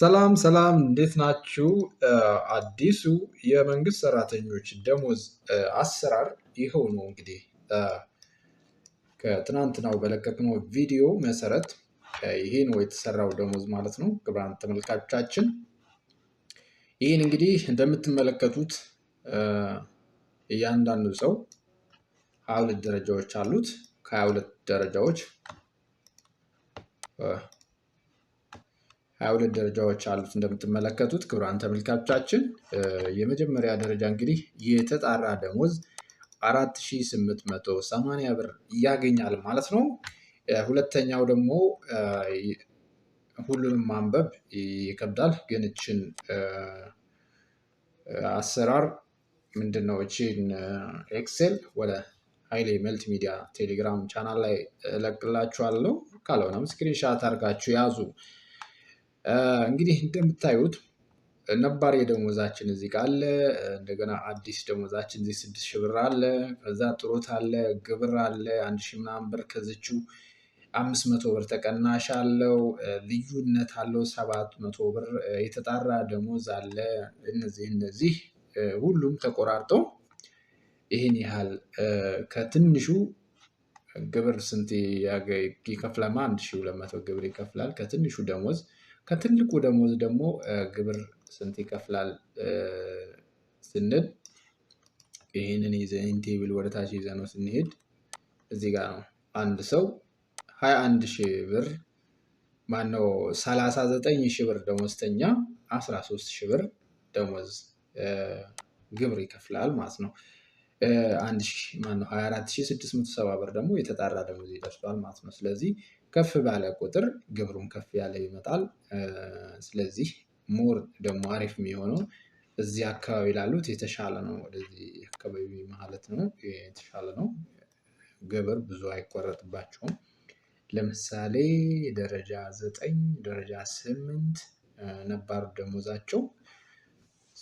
ሰላም ሰላም፣ እንዴት ናችሁ? አዲሱ የመንግስት ሰራተኞች ደሞዝ አሰራር ይኸው ነው። እንግዲህ ከትናንትናው በለቀቅነው ቪዲዮ መሰረት ይሄ ነው የተሰራው ደሞዝ ማለት ነው። ክቡራን ተመልካቾቻችን ይህን እንግዲህ እንደምትመለከቱት እያንዳንዱ ሰው ሀያ ሁለት ደረጃዎች አሉት። ከሀያ ሁለት ደረጃዎች ሀያ ሁለት ደረጃዎች አሉት እንደምትመለከቱት ክቡራን ተመልካቾቻችን። የመጀመሪያ ደረጃ እንግዲህ የተጣራ ደሞዝ 4880 ብር ያገኛል ማለት ነው። ሁለተኛው ደግሞ ሁሉንም ማንበብ ይከብዳል፣ ግን እችን አሰራር ምንድን ነው እችን ኤክሴል ወደ ሀይሌ መልቲ ሚዲያ ቴሌግራም ቻናል ላይ እለቅላችኋለሁ። ካልሆነም ስክሪንሻት አድርጋችሁ ያዙ። እንግዲህ እንደምታዩት ነባር የደሞዛችን እዚህ ጋር አለ። እንደገና አዲስ ደሞዛችን እዚህ ስድስት ሺህ ብር አለ። ከዛ ጥሮት አለ፣ ግብር አለ አንድ ሺህ ምናምን ብር ከዝችው አምስት መቶ ብር ተቀናሽ አለው። ልዩነት አለው ሰባት መቶ ብር የተጣራ ደሞዝ አለ። እነዚህ እነዚህ ሁሉም ተቆራርጦ ይህን ያህል ከትንሹ ግብር ስንት ይከፍላማ? አንድ ሺህ ሁለት መቶ ግብር ይከፍላል ከትንሹ ደሞዝ ከትልቁ ደሞዝ ደግሞ ግብር ስንት ይከፍላል ስንል ይህንን ይዘን ቴብል ወደ ታች ይዘነው ስንሄድ እዚህ ጋር ነው። አንድ ሰው 21 ሺህ ብር ማነው 39 ሺህ ብር ደሞዝተኛ 13 ሺህ ብር ደሞዝ ግብር ይከፍላል ማለት ነው። 24,670 ብር ደግሞ የተጣራ ደሞዝ ይደርሷል ማለት ነው። ስለዚህ ከፍ ባለ ቁጥር ግብሩም ከፍ ያለ ይመጣል። ስለዚህ ሞር ደግሞ አሪፍ የሚሆነው እዚህ አካባቢ ላሉት የተሻለ ነው። ወደዚህ አካባቢ ማለት ነው የተሻለ ነው። ግብር ብዙ አይቆረጥባቸውም። ለምሳሌ ደረጃ ዘጠኝ ደረጃ ስምንት ነባር ደሞዛቸው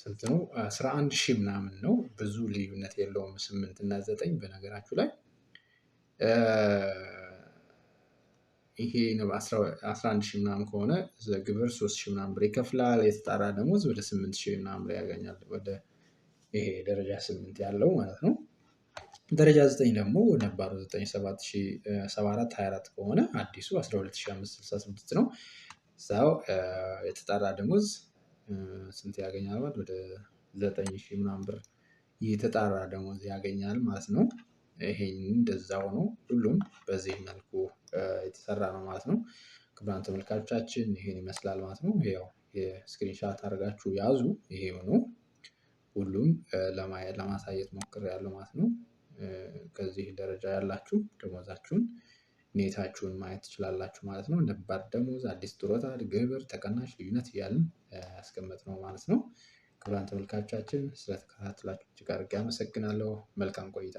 ስንት ነው? አስራ አንድ ሺህ ምናምን ነው። ብዙ ልዩነት የለውም ስምንት እና ዘጠኝ በነገራችሁ ላይ ይሄ አስራ አንድ ሺ ምናምን ከሆነ ግብር ሶስት ሺ ምናምን ብር ይከፍላል። የተጣራ ደሞዝ ወደ ስምንት ሺ ምናምን ብር ያገኛል። ወደ ይሄ ደረጃ ስምንት ያለው ማለት ነው። ደረጃ ዘጠኝ ደግሞ ነባሩ ዘጠኝ ሰባት ሰባ አራት ሀያ አራት ከሆነ አዲሱ አስራ ሁለት አምስት ስልሳ ነው። እዛው የተጣራ ደሞዝ ስንት ያገኛል? ወደ ዘጠኝ ሺ ምናምን ብር የተጣራ ደሞዝ ያገኛል ማለት ነው። ይሄን እንደዛ ሆኖ ሁሉም በዚህ መልኩ የተሰራ ነው ማለት ነው። ክቡራን ተመልካቾቻችን ይሄን ይመስላል ማለት ነው። ያው የስክሪንሻት አድርጋችሁ ያዙ። ይሄ ሆኖ ሁሉም ለማሳየት ሞክር ያለው ማለት ነው። ከዚህ ደረጃ ያላችሁ ደሞዛችሁን ኔታችሁን ማየት ትችላላችሁ ማለት ነው። ነባር ደሞዝ፣ አዲስ ጡረታ፣ ግብር፣ ተቀናሽ፣ ልዩነት እያልን ያስቀመጥ ነው ማለት ነው። ክቡራን ተመልካቾቻችን ስለተከታተላችሁ እጅግ አድርጌ አመሰግናለሁ። መልካም ቆይታ